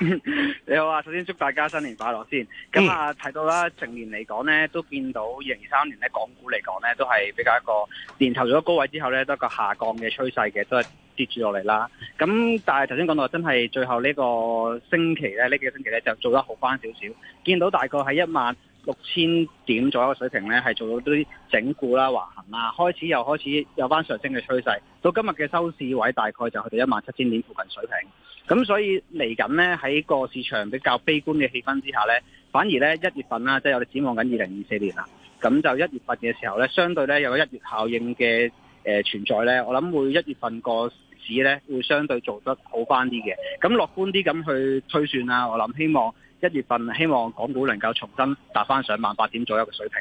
你好啊，首先祝大家新年快樂先。咁、嗯、啊，睇到啦，成年嚟講咧，都見到二零二三年咧，港股嚟講咧，都係比較一個年頭咗高位之後咧，都一個下降嘅趨勢嘅，都係跌住落嚟啦。咁但係頭先講到，真係最後呢個星期咧，呢幾個星期咧，就做得好翻少少，見到大概喺一萬六千點左右嘅水平咧，係做到啲整固啦、啊、橫行啦、啊，開始又開始有翻上,上升嘅趨勢。到今日嘅收市位，大概就去到一萬七千點附近水平。咁所以嚟緊呢，喺個市場比較悲觀嘅氣氛之下呢，反而呢，一月份啦，即係我哋展望緊二零二四年啦。咁就一月份嘅時候呢，相對呢，有個一月效應嘅誒存在呢，我諗會一月份個市呢會相對做得好翻啲嘅。咁樂觀啲咁去推算啦，我諗希望一月份希望港股能夠重新達翻上萬八點左右嘅水平。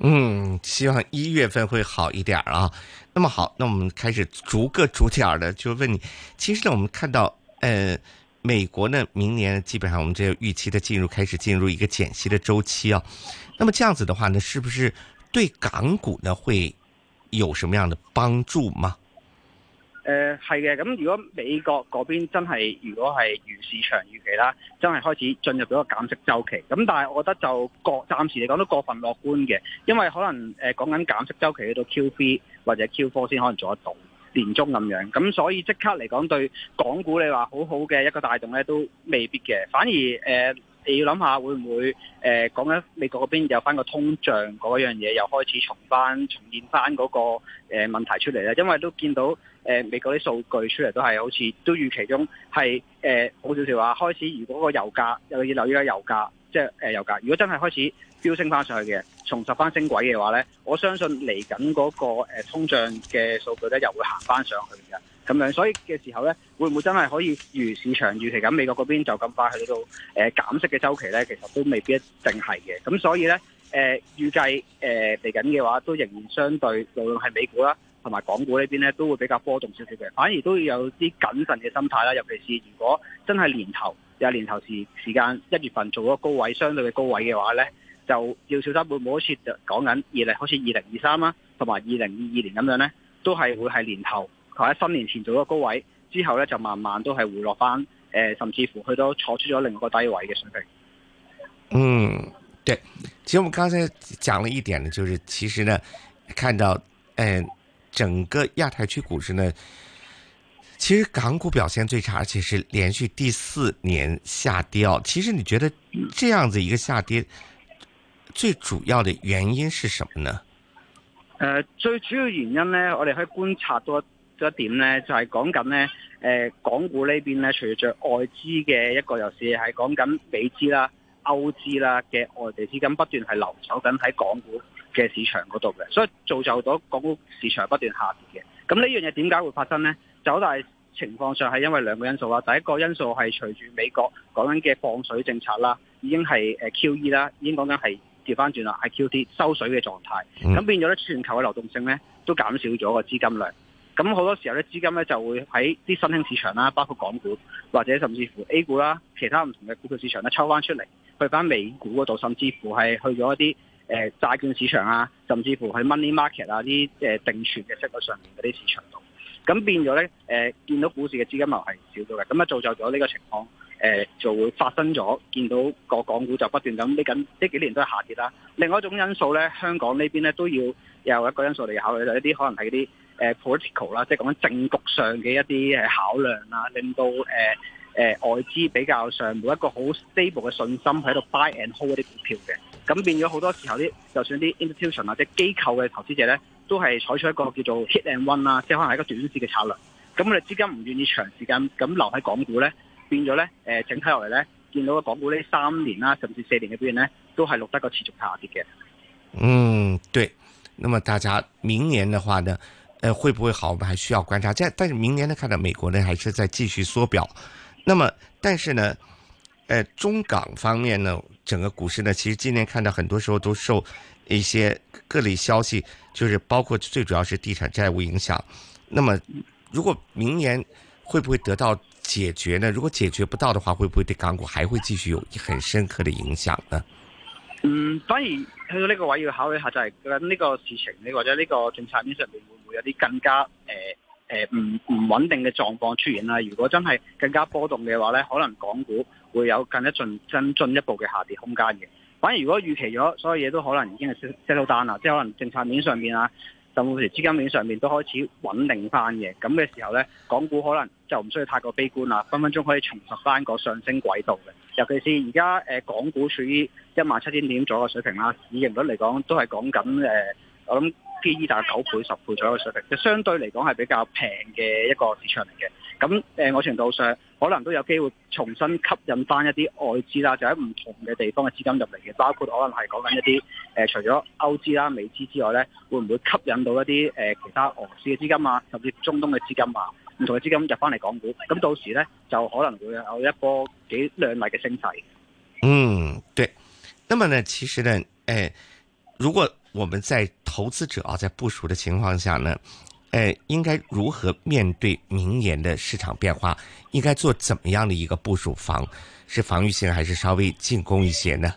嗯，希望一月份會好一點啊。那麼好，那我們開始逐個逐點嘅，就問你，其實呢，我們看到。呃美國呢明年基本上，我們這預期的進入開始進入一個減息的週期啊。那麼這樣子的話呢，是不是對港股呢會有什麼樣的幫助嗎？誒、呃，係嘅。咁如果美國嗰邊真係，如果係如市場預期啦，真係開始進入咗個減息週期。咁但係我覺得就暫暫時嚟講都過分樂觀嘅，因為可能誒講緊減息週期去到 Q3 或者 Q4 先可能做得到。年終咁樣，咁所以即刻嚟講，對港股你話好好嘅一個帶動呢都未必嘅，反而誒、呃、你要諗下會唔會誒、呃、講緊美國嗰邊有翻個通脹嗰樣嘢又開始重翻重現翻嗰個誒、呃、問題出嚟啦，因為都見到誒、呃、美國啲數據出嚟都係好似都預期中係誒、呃、好少少話開始，如果個油價又要留意下油價即係、呃、油價，如果真係開始。飆升翻上去嘅，重拾翻升軌嘅話呢，我相信嚟緊嗰個通脹嘅數據呢，又會行翻上去嘅，咁樣所以嘅時候呢，會唔會真係可以如市場預期咁，美國嗰邊就咁快去到誒、呃、減息嘅周期呢，其實都未必一定係嘅。咁所以呢，誒、呃、預計誒嚟緊嘅話，都仍然相對無論係美股啦，同埋港股呢邊呢，都會比較波動少少嘅，反而都要有啲謹慎嘅心態啦。尤其是如果真係年頭有年頭時時間一月份做咗高位，相對嘅高位嘅話呢，就要小心會唔會，啊，冇冇好似就講緊二零，好似二零二三啦，同埋二零二二年咁樣咧，都係會係年頭佢喺新年前做咗高位，之後咧就慢慢都係回落翻，誒、呃，甚至乎佢都坐出咗另外一個低位嘅水平。嗯，對，其實我哋剛才講了一點呢，就是其實咧，看到誒、呃、整個亞太區股市呢，其實港股表現最差，而且是連續第四年下跌。哦，其實你覺得這樣子一個下跌，最主要的原因是什麼呢？誒、呃，最主要原因呢，我哋可以觀察多咗一點呢，就係講緊呢誒，港股呢邊呢，隨着着外資嘅一個又是係講緊美資啦、歐資啦嘅外地資金不斷係流走緊喺港股嘅市場嗰度嘅，所以造就咗港股市場不斷下跌嘅。咁呢樣嘢點解會發生呢？就好大情況上係因為兩個因素啦。第一個因素係隨住美國講緊嘅放水政策啦，已經係誒 Q E 啦，已經講緊係。調翻轉啦，IQT 收水嘅狀態，咁變咗咧，全球嘅流動性咧都減少咗個資金量，咁好多時候咧，資金咧就會喺啲新興市場啦，包括港股或者甚至乎 A 股啦，其他唔同嘅股票市場咧抽翻出嚟，去翻美股嗰度，甚至乎係去咗一啲誒、呃、債券市場啊，甚至乎去 Money Market 啊，啲誒定存嘅息率上面嗰啲市場度，咁變咗咧誒，見到股市嘅資金流係少咗嘅，咁一造就咗呢個情況。誒、呃、就會發生咗，見到個港股就不斷咁搣緊呢幾年都係下跌啦。另外一種因素咧，香港這邊呢邊咧都要有一個因素嚟考慮就係、一啲可能係一啲 political 啦、啊，即係講緊政局上嘅一啲、啊、考量啦、啊，令到、呃呃、外資比較上冇一個好 stable 嘅信心喺度 buy and hold 嗰啲股票嘅，咁變咗好多時候啲就算啲 institution 或、啊、者機構嘅投資者咧，都係採取一個叫做 hit and run 啦、啊，即係可能係一個短線嘅策略。咁我哋資金唔願意長時間咁留喺港股咧。變咗咧，誒，整體落嚟咧，見到個港股呢三年啦、啊，甚至四年嘅表現咧，都係錄得個持續下跌嘅。嗯，對。咁啊，大家明年嘅話呢，誒、呃，會不會好？我們還需要觀察。但，但是明年呢，看到美國呢，還是在繼續縮表。那麼，但是呢，誒、呃，中港方面呢，整個股市呢，其實今年看到很多時候都受一些各類消息，就是包括最主要是地產債務影響。那麼，如果明年會不會得到？解決呢？如果解決不到的話，會不會對港股還會繼續有很深刻的影響呢？嗯，反而去到呢個位要考慮一下就係，咁呢個事情你或者呢個政策面上面會唔會有啲更加誒誒唔唔穩定嘅狀況出現啦、啊？如果真係更加波動嘅話呢，可能港股會有更一進進進一步嘅下跌空間嘅。反而如果預期咗所有嘢都可能已經係 set set 到單啦，即係可能政策面上面啊。咁，資金面上面都開始穩定翻嘅，咁嘅時候咧，港股可能就唔需要太過悲觀啦，分，分分鐘可以重拾翻個上升軌道嘅。尤其是而家、呃、港股處於一萬七千點左右嘅水平啦，市盈率嚟講都係講緊呃、我諗 P E 大概九倍、十倍左右嘅水平，就相對嚟講係比較平嘅一個市場嚟嘅。咁誒，某程度上可能都有機會重新吸引翻一啲外資啦，就喺唔同嘅地方嘅資金入嚟嘅，包括可能係講緊一啲誒、呃，除咗歐資啦、美資之外咧，會唔會吸引到一啲誒、呃、其他俄羅斯嘅資金啊，甚至中東嘅資金啊，唔同嘅資金入翻嚟港股，咁到時咧就可能會有一波幾亮麗嘅升勢。嗯，對。那麼呢，其實呢，誒、呃，如果我們在投資者啊，在部署的情況下呢？誒，應該如何面對明年的市場變化？應該做怎麼樣的一個部署防，是防御性還是稍微進攻一些呢？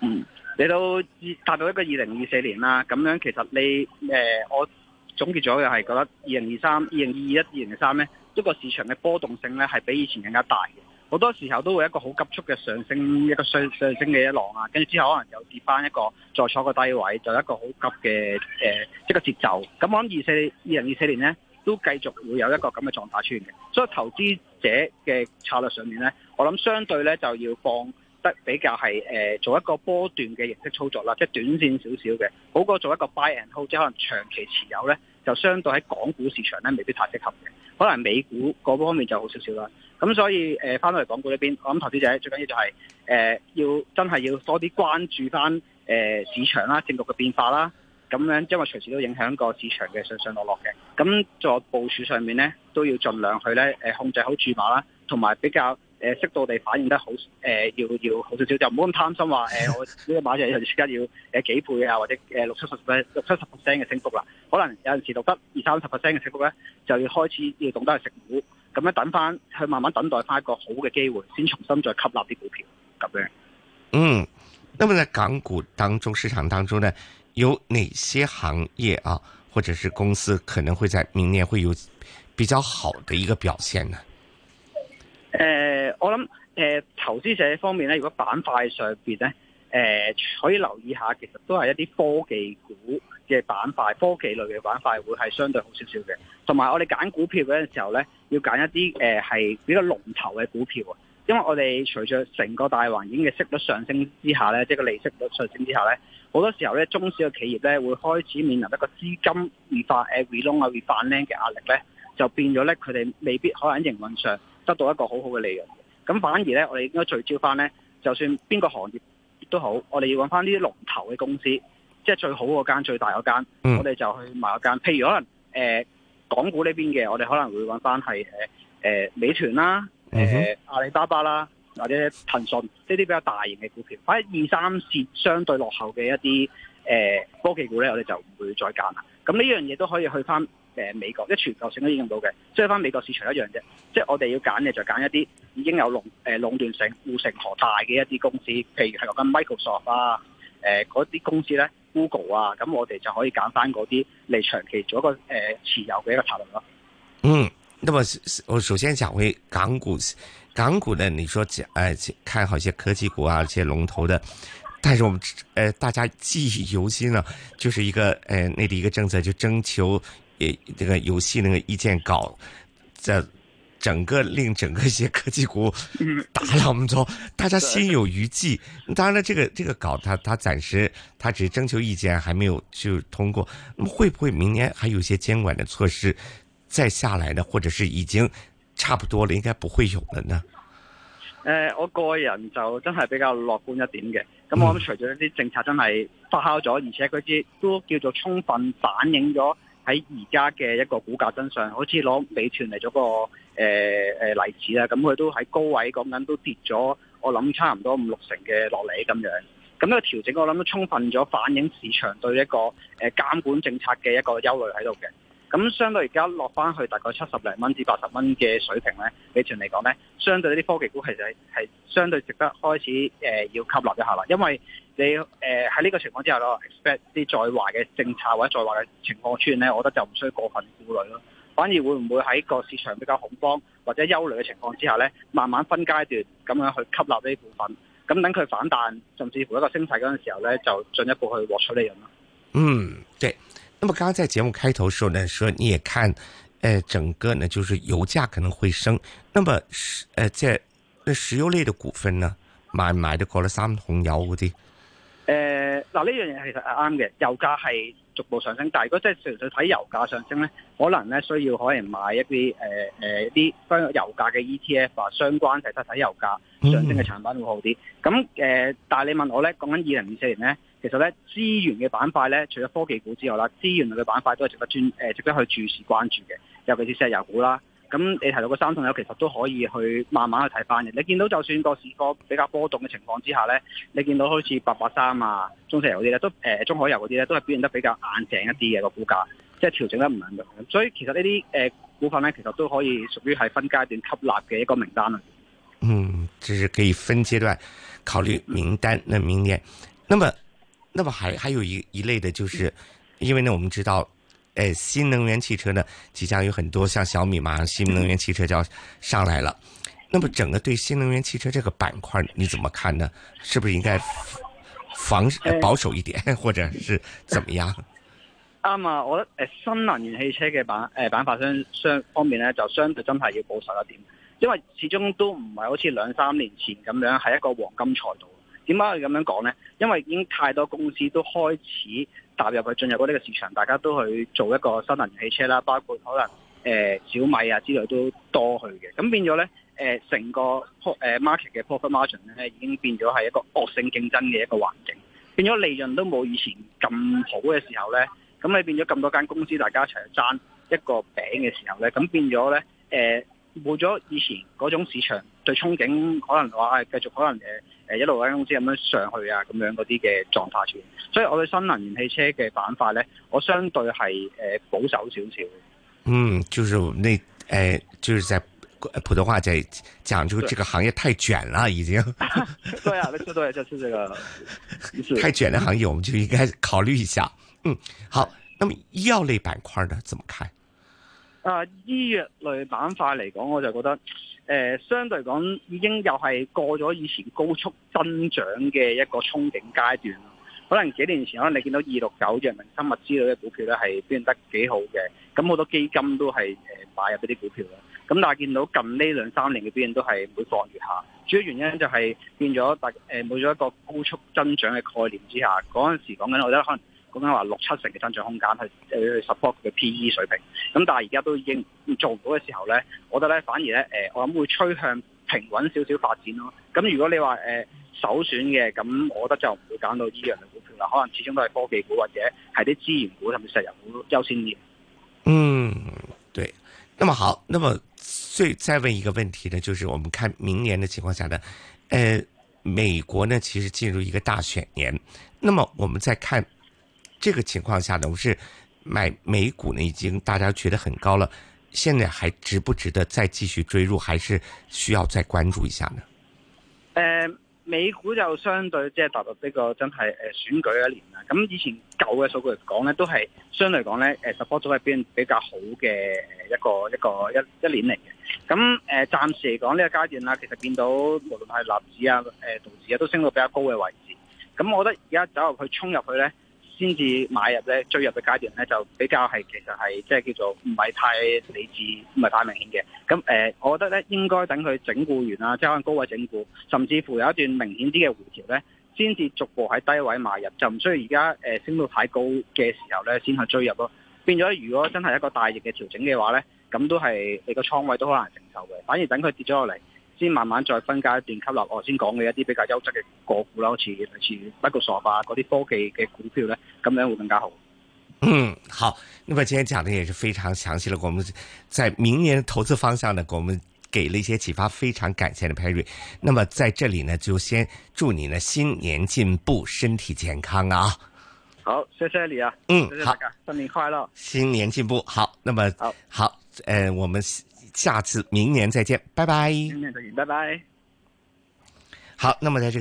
嗯，你都達到一個二零二四年啦，咁樣其實你誒、呃，我總結咗嘅係覺得二零二三、二零二一、二零二三咧，一個市場嘅波動性咧係比以前更加大嘅。好多時候都會有一個好急速嘅上升，一個上上升嘅一浪啊，跟住之後可能又跌返一個，再坐個低位，就一個好急嘅誒、呃，一個節奏。咁我諗二四二零二四年呢都繼續會有一個咁嘅狀態出現嘅。所以投資者嘅策略上面呢，我諗相對呢就要放得比較係、呃、做一個波段嘅形式操作啦，即係短線少少嘅，好過做一個 buy and hold，即可能長期持有呢就相對喺港股市場呢未必太適合嘅。可能美股嗰方面就好少少啦。咁所以返翻、呃、到嚟港股呢邊，我諗投資者最緊要就係、係呃、要真係要多啲關注翻、呃、市場啦、政局嘅變化啦。咁樣因為隨時都影響個市場嘅上上落落嘅。咁、嗯、在部署上面咧，都要盡量去咧控制好注碼啦，同埋比較適度、呃、地反應得好、呃、要、要好少少，就唔好咁貪心話、呃、我呢個碼就有陣時而要幾倍啊，或者誒六七十六七十 percent 嘅升幅啦。可能有陣時讀得二三十 percent 嘅升幅咧，就要開始要懂得去食股。咁樣等返，去慢慢等待返一個好嘅機會，先重新再吸納啲股票咁樣。嗯，咁啊，喺港股當中市場當中呢，有哪些行業啊，或者是公司可能會在明年會有比較好的一個表現呢？誒、嗯啊、呃，我諗誒、呃，投資者方面呢，如果板塊上邊呢。誒、呃、可以留意一下，其實都係一啲科技股嘅板塊，科技類嘅板塊會係相對好少少嘅。同埋我哋揀股票嗰陣時候咧，要揀一啲誒係比較龍頭嘅股票啊。因為我哋除咗成個大環境嘅息率上升之下咧，即係個利息率上升之下咧，好多時候咧，中小嘅企業咧會開始面臨一個資金異化越 r e l o 啊 e 嘅壓力咧，就變咗咧佢哋未必可能喺營運上得到一個好好嘅利潤。咁反而咧我哋應該聚焦翻咧，就算邊個行業，都好，我哋要揾翻呢啲龍頭嘅公司，即係最好嗰間、最大嗰間，我哋就去買嗰間。譬如可能誒、呃、港股呢邊嘅，我哋可能會揾翻係誒誒美團啦、誒、呃、阿里巴巴啦或者騰訊呢啲比較大型嘅股票。反正二三線相對落後嘅一啲誒科技股呢，我哋就唔會再揀啦。咁呢樣嘢都可以去翻。誒，美國即係全球性都應用到嘅，即係翻美國市場一樣啫。即係我哋要揀嘅就揀一啲已經有壟誒壟斷性、護城河大嘅一啲公司，譬如係嗰間 Microsoft 啊，誒嗰啲公司咧，Google 啊，咁我哋就可以揀翻嗰啲嚟長期做一個誒、呃、持有嘅一個策略咯。嗯，那麼我首先講回港股，港股咧，你說誒、呃、看好一些科技股啊，一些龍頭的，但是我們誒、呃、大家記憶猶新啊，就是一個誒內地一個政策就徵求。這個遊戲那個意見稿，在整個令整個一些科技股打冧咗，我們說大家心有餘悸。當然了，這個這個稿，他他暫時他只是徵求意見，還沒有就通過。會不會明年還有一些監管的措施再下來呢？或者是已經差不多了，應該不會有了呢？呃，我個人就真係比較樂觀一點嘅。咁我諗，除咗一啲政策真係發酵咗，而且佢啲都叫做充分反映咗。喺而家嘅一個股價真上，好似攞美團嚟咗、個誒誒、呃呃、例子啦，咁佢都喺高位講緊，都跌咗我諗差唔多五六成嘅落嚟咁樣，咁呢個調整我諗都充分咗反映市場對一個誒、呃、監管政策嘅一個憂慮喺度嘅。咁相對而家落翻去大概七十零蚊至八十蚊嘅水平咧，美團嚟講咧，相對呢啲科技股其實係相對值得開始誒、呃、要吸納一下啦，因為。你誒喺呢個情況之下咯，expect 啲再壞嘅政策或者再壞嘅情況出現咧，我覺得就唔需要過分顧慮咯。反而會唔會喺個市場比較恐慌或者憂慮嘅情況之下咧，慢慢分階段咁樣去吸納呢部分，咁等佢反彈，甚至乎一個升勢嗰陣時候咧，就進一步去獲取利潤咯。嗯，對。那麼剛剛在節目開頭時候呢，說你也看誒、呃、整個呢，就是油價可能會升。那麼石即係石油類的股份呢，買唔買得過呢三桶油嗰啲？我誒、呃，嗱呢樣嘢其實係啱嘅，油價係逐步上升。但係如果真係純粹睇油價上升咧，可能咧需要可能買一啲誒誒啲關於油價嘅 ETF 或、啊、相關，其實睇油價上升嘅產品會好啲。咁誒，但係、呃、你問我咧，講緊二零二四年咧，其實咧資源嘅板塊咧，除咗科技股之外啦，資源類嘅板塊都係值得專誒值得去注視關注嘅，尤其是石油股啦。咁你提到個三桶油其實都可以去慢慢去睇翻嘅。你見到就算個市個比較波動嘅情況之下咧，你見到好似八八三啊、中石油啲咧，都誒中海油嗰啲咧，都係表現得比較硬淨一啲嘅個股價，即係調整得唔緊要。所以其實呢啲誒股份咧，其實都可以屬於係分階段吸納嘅一個名單。嗯，即係可以分階段考慮名單。那明年，那麼，那麼還還有一一類的，就是因為呢，我們知道。誒、哎，新能源汽車呢，即將有很多像小米嘛，新能源汽車就要上來了。那麼整個對新能源汽車這個板塊，你怎麼看呢？是不是應該防，防、呃、保守一點，或者是怎麼樣？啱啊，我覺得誒，新能源汽車嘅板誒板塊相相方面呢，就相對真係要保守一點，因為始終都唔係好似兩三年前咁樣係一個黃金賽道。點解要咁樣講呢？因為已經太多公司都開始。踏入去進入嗰呢個市場，大家都去做一個新能源汽車啦，包括可能、呃、小米啊之類都多去嘅，咁變咗呢，誒、呃、成個 market 嘅 profit margin 咧已經變咗係一個惡性競爭嘅一個環境，變咗利潤都冇以前咁好嘅時候呢，咁你變咗咁多間公司大家一齊去爭一個餅嘅時候呢，咁變咗呢，誒冇咗以前嗰種市場對憧憬，可能話繼續可能誒。誒，一路喺公司咁樣上去啊，咁樣嗰啲嘅狀況出現，所以我對新能源汽車嘅板塊咧，我相對係誒保守少少。嗯，就是那誒、呃，就是在普通話在講，就這個行業太卷了已經 對、啊。對啊，沒錯、啊，對、啊，就係這個。啊、 太卷的行業，我們就應該考慮一下。嗯，好。那麼醫藥類板塊呢？怎麼看？啊！醫藥類板塊嚟講，我就覺得誒、呃，相對嚟講，已經又係過咗以前高速增長嘅一個憧憬階段咯。可能幾年前，可能你見到二六九、藥明生物之類嘅股票咧，係表現得幾好嘅，咁好多基金都係誒、呃、買入嗰啲股票啦。咁但係見到近呢兩三年嘅表現都係每況愈下，主要原因就係變咗大誒，冇、呃、咗一個高速增長嘅概念之下，嗰陣時講緊我覺得可能。講緊話六七成嘅增長空間去去 support 佢嘅 P E 水平，咁但係而家都已經做到嘅時候咧，我覺得咧反而咧，誒，我諗會趨向平穩少少發展咯。咁如果你話誒首選嘅，咁我覺得就唔會揀到呢樣嘅股票啦。可能始終都係科技股或者係啲資源股甚至石油股優先嘅。嗯，對。那麼好，那麼最再問一個問題咧，就是我們看明年嘅情況下咧，誒、呃，美國呢其實進入一個大選年，那麼我們再看、嗯。這個情況下呢，我是買美股呢，已經大家覺得很高了，現在還值不值得再繼續追入，還是需要再關注一下呢？誒、呃，美股就相對即係踏入呢個真係誒選舉一年啦。咁以前舊嘅數據嚟講呢都係相對講呢誒，support 咗喺邊比較好嘅一個一個一個一,一年嚟嘅。咁誒、呃，暫時嚟講呢個階段啦，其實見到無論係納指啊，誒、呃，道指啊，都升到比較高嘅位置。咁我覺得而家走入去衝入去咧，先至買入咧，追入嘅階段咧就比較係其實係即係叫做唔係太理智，唔係太明顯嘅。咁誒、呃，我覺得咧應該等佢整固完啦，即可能高位整固，甚至乎有一段明顯啲嘅回調咧，先至逐步喺低位買入，就唔需要而家誒升到太高嘅時候咧先去追入咯。變咗如果真係一個大型嘅調整嘅話咧，咁都係你個倉位都好難承受嘅，反而等佢跌咗落嚟。先慢慢再分階段吸納，我先講嘅一啲比較優質嘅個股啦，好似類似百度傻化嗰啲科技嘅股票咧，咁樣會更加好。嗯，好。那麼今天講的也是非常詳細啦，我們在明年投資方向呢，我們給了一些啟發，非常感謝。Perry。那麼在這裏呢，就先祝你呢新年進步，身體健康啊！好，謝謝你啊。嗯，好，謝謝大家，好，新年快樂，新年進步。好，那麼好，好，誒、呃，我們。下次明年再見，拜拜。明年再見，拜拜。好，那麼在這個。